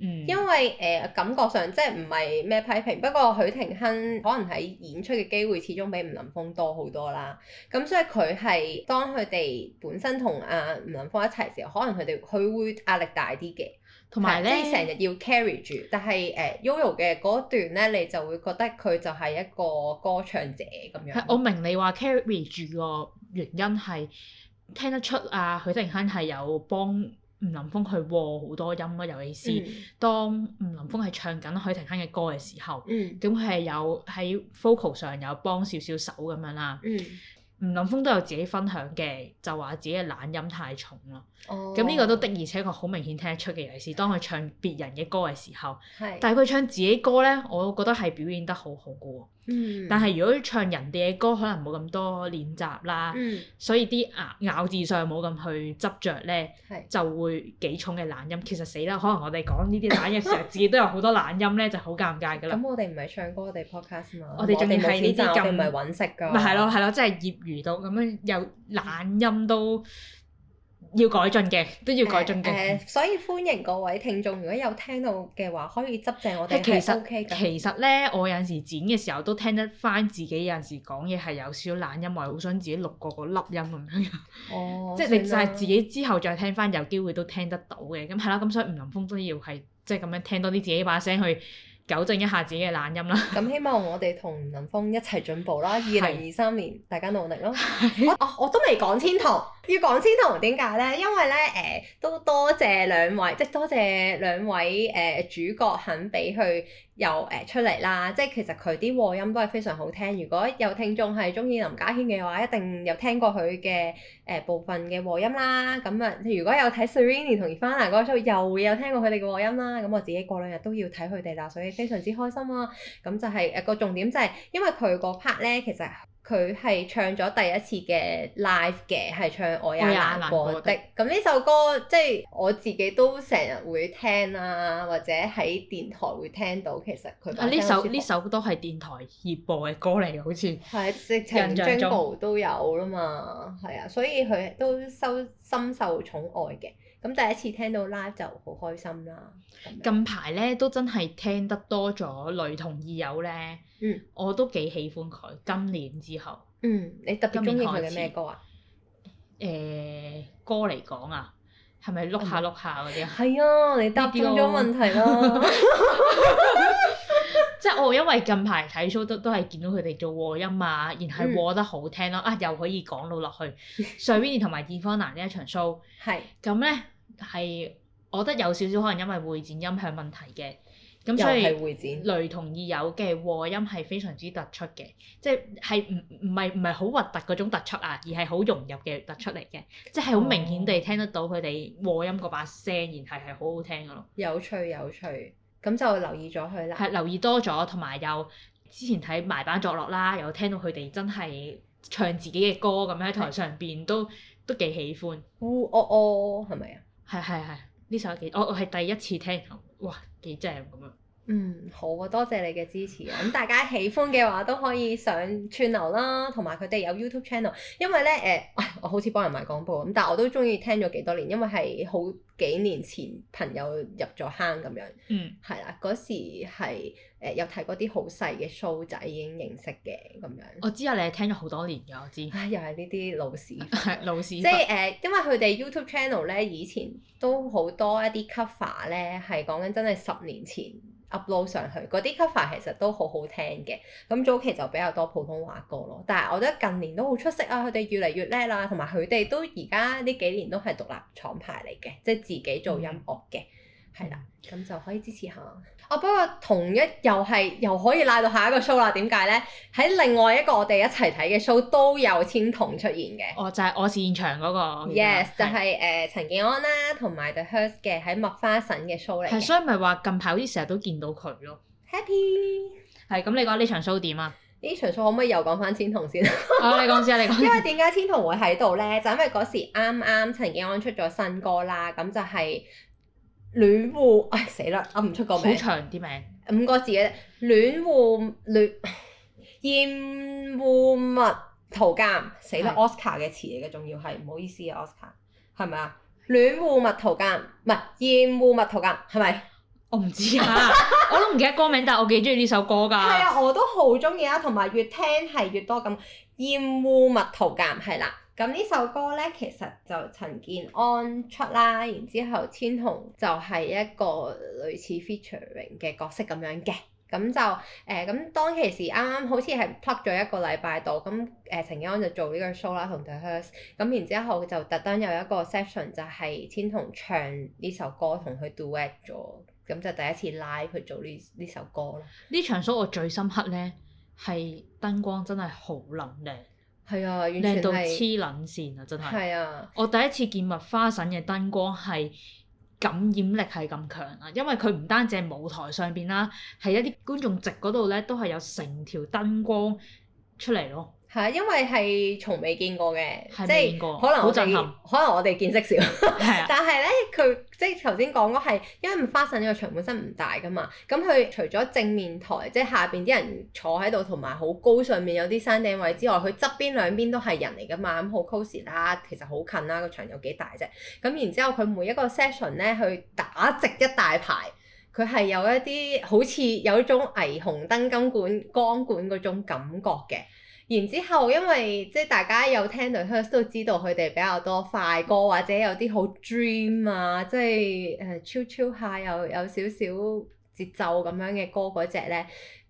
嗯、因為誒、呃、感覺上即係唔係咩批評，不過許廷鏗可能喺演出嘅機會始終比吳林峰多好多啦。咁所以佢係當佢哋本身同阿吳林峰一齊時候，可能佢哋佢會壓力大啲嘅，同埋咧即係成日要 carry 住。但係誒、呃、Yoyo 嘅嗰段咧，你就會覺得佢就係一個歌唱者咁樣。我明你話 carry 住個原因係聽得出啊，許廷鏗係有幫。吳林峰去和好多音啦，尤其是當吳林峰係唱緊許廷鏗嘅歌嘅時候，咁佢係有喺 vocal 上有幫少少手咁樣啦。嗯、吳林峰都有自己分享嘅，就話自己嘅懶音太重啦。咁呢、哦、個都的，而且確好明顯聽得出嘅，尤其是當佢唱別人嘅歌嘅時候。是但係佢唱自己歌咧，我覺得係表現得好好嘅嗯，但係如果唱人哋嘅歌，可能冇咁多練習啦，嗯、所以啲咬咬字上冇咁去執着咧，是就會幾重嘅懶音。其實死啦，可能我哋講呢啲懶音嘅時候，自己都有好多懶音咧，就好尷尬噶啦。咁我哋唔係唱歌，我哋 podcast 嘛。我哋仲未係呢啲咁，唔係揾食噶。咪係咯，係咯，即係業餘到咁樣，有懶音、嗯、都。要改進嘅，都要改進嘅、欸呃。所以歡迎各位聽眾，如果有聽到嘅話，可以執正我哋係 o 其實咧、OK，我有陣時剪嘅時候都聽得翻自己有陣時講嘢係有少少懶音，我好想自己錄過個個粒音咁樣。 哦、 即係你就係自己之後再聽翻，有機會都聽得到嘅。咁係啦，咁、嗯嗯、所以吳林峰都要係即係咁樣聽多啲自己把聲去。糾正一下自己嘅懶音啦，咁 希望我哋同林峰一齊進步啦，二零二三年是大家努力咯是。我都未講千頭，要講千頭點解呢？因為呢，誒、呃、都多謝兩位，即係多謝兩位誒、呃、主角肯俾佢。又誒出嚟啦，即係其實佢啲和音都係非常好聽。如果有聽眾係中意林家軒嘅話，一定有聽過佢嘅誒部分嘅和音啦。咁啊，如果有睇 s e r e n i 同而花蘭嗰出，又會有聽過佢哋嘅和音啦。咁我自己過兩日都要睇佢哋啦，所以非常之開心啊。咁就係、是、誒個重點就係、是，因為佢個 part 咧，其實。佢係唱咗第一次嘅 live 嘅，係唱我也難過的。咁呢、哎、首歌即係我自己都成日會聽啦、啊，或者喺電台會聽到。其實佢啊，呢首呢首都係電台熱播嘅歌嚟嘅，好似係直情張無都有啦嘛，係啊，所以佢都收深受寵愛嘅。咁第一次聽到 live 就好開心啦！係咪近排咧都真係聽得多咗雷同義友咧，嗯、我都幾喜歡佢。今年之後，嗯，你特別中意佢嘅咩歌，呃、歌啊？誒歌嚟講啊，係咪碌下碌下嗰啲？係啊，你答咗問題啦、啊。 即係我因為近排睇 show 都都係見到佢哋做和音啊，然後和得好聽咯、啊。嗯、啊，又可以講到落去。上邊同埋見方男呢一場 show，係咁咧係，我覺得有少少可能因為會展音響問題嘅，咁所以會雷同意有嘅和音係非常之突出嘅，即係係唔唔係唔係好核突嗰種突出啊，而係好融入嘅突出嚟嘅，即係好明顯地聽得到佢哋和音嗰把聲，哦、然係係好好聽嘅咯。有趣有趣。咁就留意咗佢啦，係留意多咗，同埋又之前睇《埋班作樂》啦，又聽到佢哋真係唱自己嘅歌咁樣喺台上邊的都都幾喜歡，烏哦哦，係咪啊？係係係，呢首幾，我我係第一次聽，哇幾正咁樣。嗯，好啊，多謝你嘅支持啊！咁、嗯、大家喜歡嘅話，都可以上串流啦，同埋佢哋有，有 YouTube channel。因為咧，誒、呃，我好似幫人賣廣告咁，但係我都中意聽咗幾多年，因為係好幾年前朋友入咗坑咁樣，嗯，係啦，嗰時係、呃、有睇嗰啲好細嘅 show 仔已經認識嘅咁樣我。我知啊，你係聽咗好多年㗎，我知。唉，又係呢啲老屎， 老屎分。即係誒、呃，因為佢哋 YouTube channel 咧，以前都好多一啲 cover 咧，係講緊真係十年前。upload 上去嗰啲 cover 其實都好好聽嘅，咁早期就比較多普通話歌咯，但係我覺得近年都好出色啊，佢哋越嚟越叻啦，同埋佢哋都而家呢幾年都係獨立廠牌嚟嘅，即係自己做音樂嘅。嗯。係啦，咁就可以支持下。哦，不過同一又係又可以拉到下一個 show 啦。點解咧？喺另外一個我哋一齊睇嘅 show 都有千桐出現嘅。哦，就係、是、我是現場嗰、那個。Yes，就係、是、誒是、呃、陳建安啦，同埋 The Hertz 嘅喺麥花臣嘅 show 嚟。係，所以咪話近排好似成日都見到佢咯。Happy。係，咁你講呢場 show 點啊？呢場 show 可唔可以又講翻千桐先？我、 啊、你講先、啊、你講因為點解千桐會喺度咧？就是、因為嗰時啱啱陳健安出咗新歌啦，咁就係、是。戀護，唉，死啦！我唔出個名，Stand，好長啲名，五個字嘅。戀護戀，厭護物圖鑑，死啦！Oscar 嘅詞嚟嘅，仲要係唔好意思啊，Oscar，係咪啊？戀護物圖鑑，唔係厭護物圖鑑，係咪？我唔知啊，我都唔記得歌名，但係我幾中意呢首歌噶。係 啊，我都好中意啊，同埋越聽係越多噉。厭護物圖鑑，係啦。咁呢首歌咧，其實就陳健安出啦，然之後千鴻就係一個類似 featuring 嘅角色咁樣嘅，咁就誒咁、呃、當其時啱啱好似係 plug 咗一個禮拜度，咁誒、呃、陳健安就做呢個 show 啦同佢 The Hertz，咁然之後就特登有一個 session 就係千鴻唱呢首歌同佢 duet 咗，咁就第一次 live 去做呢呢首歌咯。呢場 show 我最深刻咧係燈光真係好冷靚。靚到黐撚線啊！真係語是， 我第一次見麥花臣嘅燈光係感染力係咁強啊！因為佢唔單止係舞台上邊啦，係一啲觀眾席嗰度咧，都係有成條燈光出嚟咯。係啊，因為係從未見過嘅，過即係可能好正，可能我哋見識少， 的但係呢，佢即係頭先講咗係，因為花山呢個場本身唔大噶嘛，咁、嗯、佢除咗正面台即係下邊啲人坐喺度同埋好高上面有啲山頂位之外，佢側邊兩邊都係人嚟噶嘛，咁好 cosy 啦，其實好近啦，個、啊、場有幾大啫。咁、嗯、然之後佢每一個 session 呢，去打直一大排，佢係有一啲好似有一種霓虹燈金管光管嗰種感覺嘅。然之後，因為即大家有聽女聲都知道佢哋比較多快歌，或者有啲好 dream 啊，即係誒 chill chill 下又有少少節奏噉樣嘅歌嗰隻呢。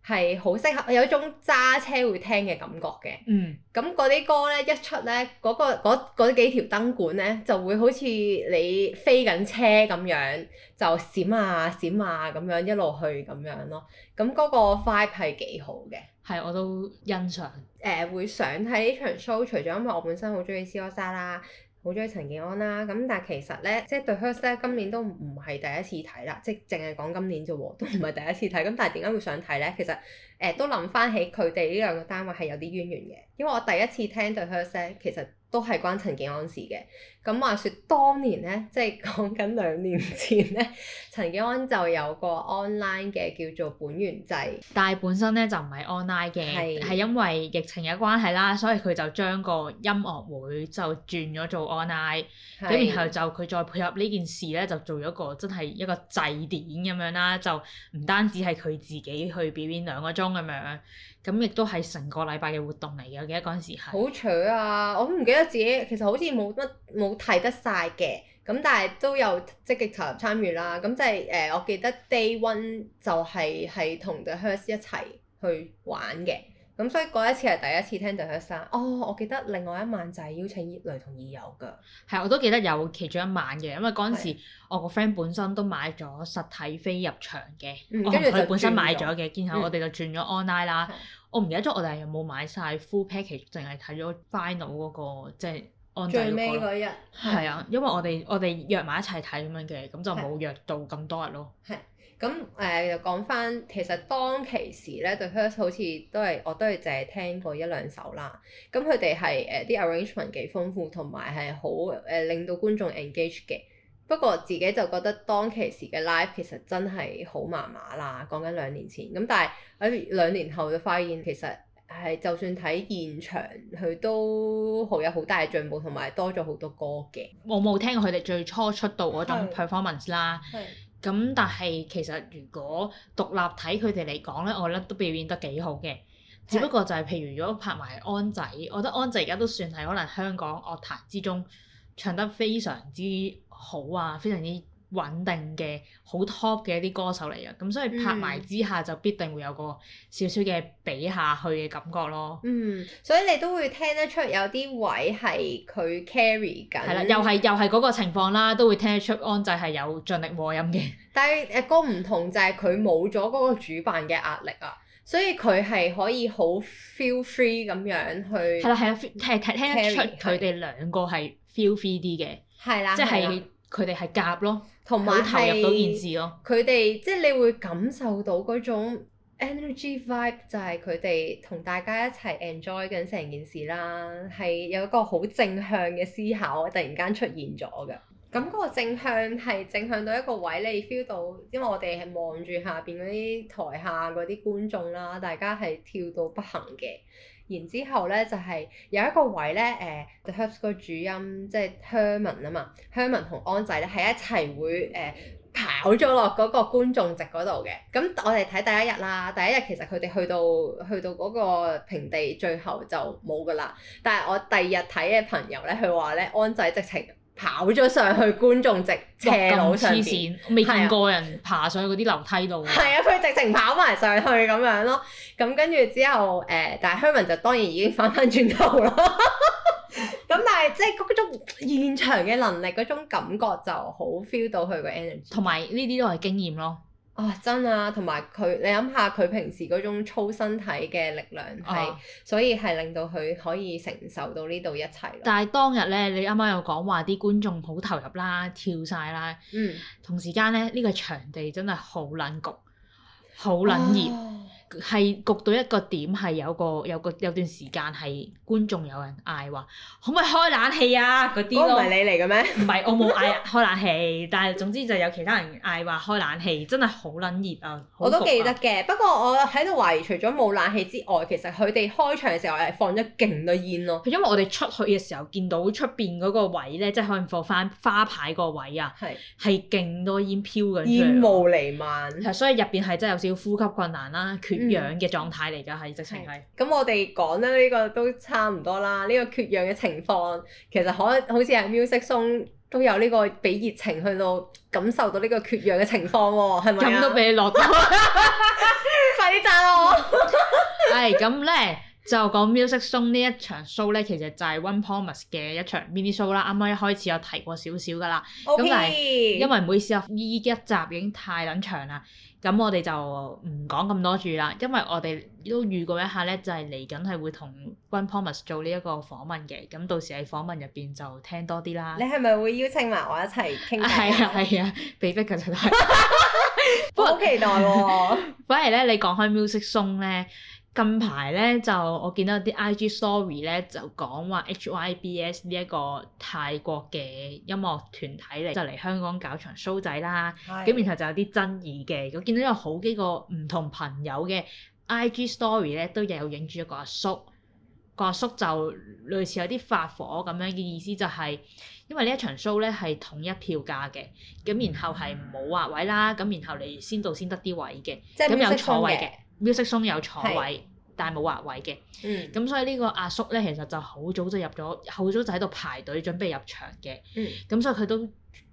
係好適合，有一種揸車會聽嘅感覺嘅。嗯，咁嗰啲歌呢，一出呢，嗰、嗰個嗰嗰幾條燈管呢，就會好似你飛緊車咁樣，就閃啊閃啊咁樣一路去咁樣咯。咁嗰個 vibe 係幾好嘅，係我都欣賞。誒、呃、會想睇呢場 show，除咗因為我本身好中意 C AllStar 啦。好中意陳健安啦，咁但係其實咧，即係 The Hertz 咧，今年都唔係第一次睇啦，即係淨係講今年啫喎，都唔係第一次睇。咁 但係點解會想睇咧？其實誒、呃、都諗翻起佢哋呢兩個單位係有啲淵源嘅，因為我第一次聽 The Hertz 咧，其實。都係關陳健安事嘅。咁話說當年呢，即係講緊兩年前呢，陳健安就有個 online 嘅叫做本源祭，但係本身呢就唔係 online 嘅，係是因為疫情嘅關係啦，所以佢就將個音樂會就轉咗做 online，咁是然後就佢再配合呢件事呢，就做咗個真係一個祭典咁樣啦，就唔單止係佢自己去表演兩個鐘咁樣。咁亦都係成個禮拜嘅活動嚟嘅，我記得嗰陣時係。好搶啊！我唔記得自己，其實好似冇乜冇睇得晒嘅，咁但係都有積極投入參與啦。咁即係誒，我記得 day one 就係係同 The Hertz 一齊去玩嘅。咁所以嗰一次係第一次聽 The Hertz 啊！哦，我記得另外一晚就係邀請熱雷同意友㗎。係，我都記得有其中一晚嘅，因為嗰陣時我個 friend 本身都買咗實體飛入場嘅，佢的本身買咗嘅、嗯，然後我哋就轉咗、嗯、online 啦。我唔記得咗我哋有冇買晒 full package，淨係睇咗 final 嗰個，即係安仔嗰日咯。係啊的，的因為我哋我哋約埋一齊睇咁樣嘅，咁就冇約到咁多日咯。係，咁誒講翻，其實當其時咧，The Hertz 好似都係我都係淨係聽過一兩首啦。咁佢哋係誒啲 arrangement 幾豐富，同埋係好誒令到觀眾 engage 嘅。不過自己就覺得當其時嘅 live 其實真係好麻麻啦。講緊兩年前咁，但係喺兩年後就發現其實係就算睇現場佢都好有好大嘅進步，同埋多咗好多歌嘅。我冇聽過佢哋最初出道嗰種 performance 是啦。咁是但係其實如果獨立睇佢哋嚟講，呢我覺得都表演得幾好嘅。只不過就係譬如如果拍埋安仔，我覺得安仔而家都算係可能香港樂壇之中唱得非常之。好啊，非常之穩定嘅好 top 嘅一啲歌手嚟嘅，咁所以拍埋之下、嗯、就必定會有個少少嘅比下去嘅感覺咯。嗯，所以你都會聽得出有啲位係佢 carry 緊。係啦，又係又係嗰個情況啦，都會聽得出安仔係有盡力和音嘅。但係誒歌唔同就係佢冇咗嗰個主辦嘅壓力啊，所以佢係可以好 feel free 咁樣去 carry。係啦係啊，係係聽得出佢哋兩個係 feel free 啲嘅。係啦，即係佢哋係夾咯，同埋投入到件事咯。佢哋即係你會感受到嗰種 energy vibe，就係佢哋同大家一齊 enjoy 緊成件事啦，係有一個好正向嘅思考突然間出現咗嘅。咁嗰個正向係正向到一個位，你 feel 到，因為我哋係望住下邊嗰啲台下嗰啲觀眾啦，大家係跳到不行嘅。然之後咧，就係有一個位咧，誒就 The Hertz 個主音，即係 Herman 啊嘛，Herman 同安仔咧係一齊會誒、呃、跑咗落嗰個觀眾席嗰度嘅。咁我哋睇第一日啦，第一日其實佢哋去到去到嗰個平地，最後就冇噶啦。但係我第二日睇嘅朋友咧，佢話咧安仔直情。跑咗上去觀眾席斜路上面，未見過人爬上去嗰啲樓梯度。係啊，佢直情跑埋上去咁樣咯。咁、嗯、跟住之後，誒、欸，但係 Herman 就當然已經翻返轉頭啦。咁、 嗯、但係即係嗰種現場嘅能力，嗰種感覺就好 feel 到佢個 energy。同埋呢啲都係經驗咯。啊、哦、真啊，同埋佢，你諗下佢平時嗰種粗身體嘅力量係，哦、所以係令到佢可以承受到呢度一切。但係當日咧，你啱啱又講話啲觀眾好投入啦，跳晒啦，嗯、同時間咧呢、呢個場地真係好撚焗，好撚熱。哦係焗到一個點係有，有個有個有段時間係觀眾有人嗌話可唔可以開冷氣啊嗰啲咯。唔係、哦、你嚟嘅咩？唔 係我冇嗌開冷氣，但係總之就有其他人嗌話開冷氣，真係好撚熱啊！啊我都記得嘅，不過我喺度懷疑除咗冇冷氣之外，其實佢哋開場嘅時候係放咗勁多煙咯、啊。因為我哋出去嘅時候見到出邊嗰個位咧，即係可能放翻花牌嗰個位啊，係係勁多煙飄緊。煙霧瀰漫係，所以入邊係真係有少少呼吸困難啦、啊，咁樣嘅狀態嚟㗎，係、嗯、直情係。咁我哋講咧，呢個都差唔多啦，呢、呢個缺氧嘅情況其實可好似係 Muse 松都有呢個俾熱情去到感受到呢個缺氧嘅情況喎、哦，係咪啊？咁都俾你落到，快啲贊我！係咁咧，就講 Muse 松呢一場 show 咧，其實就係 One Promise 嘅一場 mini show 啦。啱啱一開始有提過少少㗎啦，咁 Okay. 但係因為每次依一集已經太撚長啦。咁我哋就唔講咁多住啦，因為我哋都預告一下咧，就係嚟緊係會同 One Promise 做呢一個訪問嘅。咁到時喺訪問入邊就聽多啲啦。你係咪會邀請埋我一齊傾偈？係啊係啊，被迫嘅就係、是。 不過好 期待喎、啊。 反而咧，你講開 music song 咧。近排咧就我見到啲 IG story 咧就講話 HYBS 呢一個泰國嘅音樂團體嚟就嚟香港搞場 show 仔啦，咁的然後就有啲爭議嘅。我見到有好幾個唔同朋友嘅 IG story 咧都有影住一個阿叔，個阿叔就類似有啲發火咁樣嘅意思，就係因為呢一場 show 咧係統一票價嘅，咁然後係冇劃位啦，咁、嗯、然後你先到先得啲位嘅，咁有坐位嘅。Music Zone 有坐位，是但係冇劃位嘅。咁、嗯、所以個呢個阿叔咧，其實就好早就入咗，好早就喺度排隊準備入場嘅。咁、嗯、所以佢都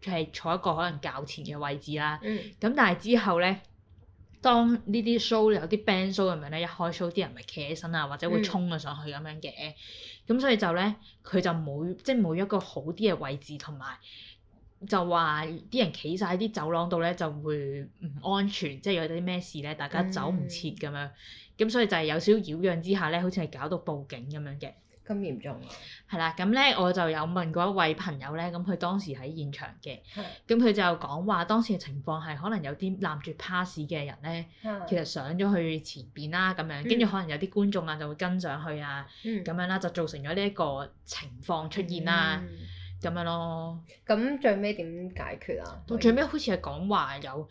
係坐一個可能較前嘅位置啦。咁、嗯、但係之後咧，當呢啲 show 有啲 band show 咁樣咧，一開 show 啲人咪企起身啊，或者會衝啊上去咁樣嘅。咁、嗯、所以就咧，佢就冇即係冇一個好啲嘅位置同埋。就話啲人企晒喺啲走廊度咧，就會唔安全，嗯、即係有啲咩事咧，大家走唔切咁樣。咁所以就係有少少擾攘之下咧，好似係搞到報警咁樣嘅。咁嚴重啊！係啦，咁咧我就有問過一位朋友咧，咁佢當時喺現場嘅。係、嗯。咁佢就講話當時嘅情況係可能有啲攬住 pass 嘅人咧，其實上咗去前邊啦咁樣，跟住可能有啲觀眾啊就會跟上去啊，咁、嗯、樣啦就造成咗呢一個情況出現啦。嗯嗯咁樣咯，咁最尾點解決啊？到最尾好似係講話有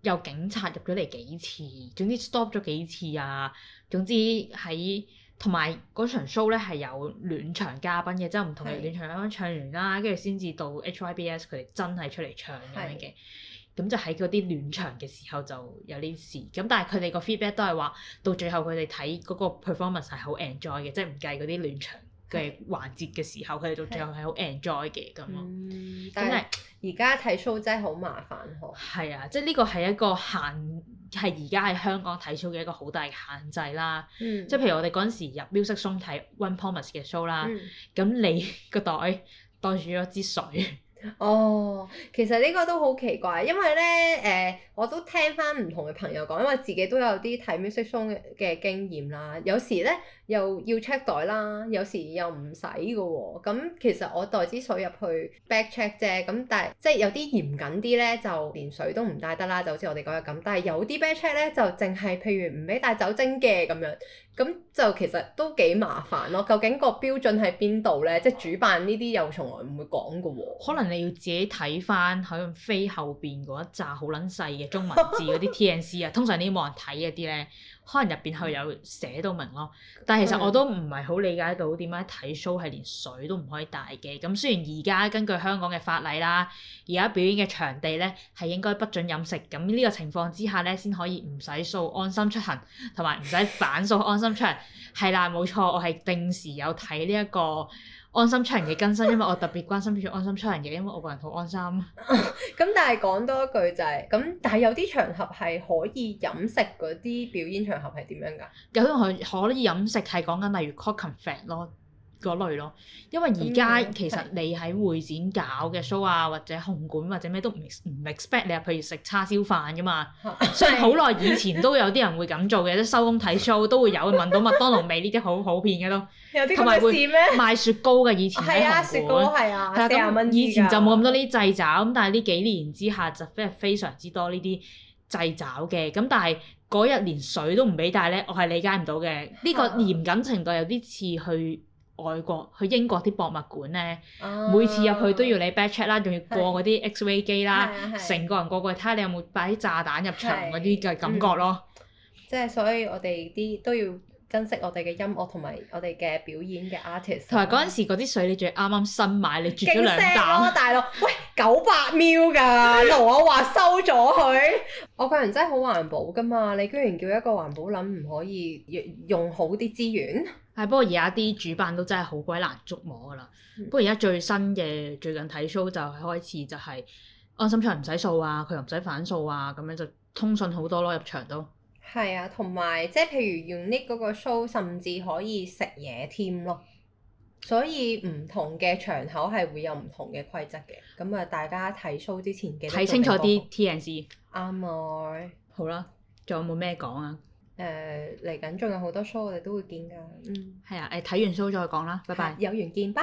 有警察入咗嚟幾次，總之 stop 咗幾次啊。總之喺同埋嗰場 show 咧係有暖場嘉賓嘅，即係唔同嘅暖場嘉賓唱完啦，跟住先至到 HYBS 佢哋真係出嚟唱咁樣嘅。咁就喺嗰啲暖場嘅時候就有啲事。咁但係佢哋個 feedback 都係話，到最後佢哋睇嗰個 performance 係好 enjoy 嘅，即係唔計嗰啲暖場。嘅環節嘅時候，佢哋到最後係好 enjoy 嘅咁咯。但係而家睇 show 真係好麻煩，嗬。係啊，即係呢個係一個限，係而家喺香港睇 show 嘅一個好大嘅限制啦。嗯、即係譬如我哋嗰陣時入 Musical 睇 One Promise 嘅 show 啦，咁、嗯、你個袋袋住咗支水。哦，其實呢個都好奇怪，因為咧誒、呃，我都聽翻唔同嘅朋友講，因為自己都有啲睇 Musical 嘅經驗啦，有時咧。又要 check 袋啦，有時又唔使㗎喎。咁其實我袋支水入去 back check 啫。咁但係即係有啲嚴謹啲呢，就連水都唔帶得啦。就好似我哋講嘅咁。但係有啲 back check 呢，就淨係譬如唔俾帶酒精嘅咁樣。咁就其實都幾麻煩咯、喔。究竟個標準喺邊度呢？即係主辦呢啲又從來唔會講㗎喎。 可能你要自己睇翻喺飛後邊嗰一紮好撚細嘅中文字嗰啲 T N C 啊。 通常啲冇人睇一啲呢。可能入邊佢有寫到明咯，但係其實我都唔係好理解到點解睇 show 係連水都唔可以帶嘅。咁雖然而家根據香港嘅法例啦，而家表演嘅場地咧係應該不准飲食。咁呢個情況之下咧，先可以唔使掃安心出行，同埋唔使反掃安心出行。係 啦，冇錯，我係定時有睇呢一個。安心出行嘅更新， 因為我特別關心住安心出行嘅，因為我個人好安心。咁 但係講多一句就係、是，咁但係有啲場合係可以飲食嗰啲表演場合係點樣㗎？有啲場合可以飲食係講緊，例如 confetti 咯。嗰類咯，因為而家其實你喺會展搞嘅 show 啊，嗯、或者紅館或者咩都唔唔 expect 你啊，譬如食叉燒飯噶嘛，嗯、所以好耐以前都有啲人會咁做嘅，即收工睇 show 都會有聞到麥當勞味呢啲 好普遍嘅都，同埋會賣雪糕嘅，以前喺紅館，啊啊、但係是咁以前就冇咁多呢啲掣肘，咁但係呢幾年之下就非非常之多呢啲掣肘嘅，咁但係嗰日連水都唔俾，但係咧我係理解唔到嘅，呢、嗯、個嚴謹程度有啲似去。外國去英國啲博物館咧，哦、每次入去都要你 back check 啦，仲要過嗰啲 X ray 機啦，成個人過過去睇下你有冇擺啲炸彈入場嗰啲嘅感覺咯。嗯、即係所以我，我哋啲都要珍惜我哋嘅音樂同埋我哋嘅表演嘅 artist。同埋嗰陣時，嗰啲吧水你仲係啱啱新買，你住咗兩啖。大佬，喂，九百 mil 㗎，同 我話收咗佢。我個人真係好環保噶嘛，你居然叫一個環保諗唔可以用用好啲資源？係，不過而家啲主辦都真係好鬼難捉摸噶啦。不過而家最新嘅最近睇 show 就開始就係安心場唔使掃啊，佢又唔使反掃啊，咁樣就通訊好多咯，入場都。係啊，同埋即係譬如用呢嗰個 show，甚至可以食嘢添咯。所以唔同嘅場口係會有唔同嘅規則嘅。咁啊，大家睇 show 之前記得睇清楚啲 T&C。啱啊！好啦，仲有冇咩講啊？誒嚟緊，仲、呃、有好多 show，我哋都會見㗎。嗯，係啊，誒、呃、睇完 show 再講啦，拜拜。有緣見，拜。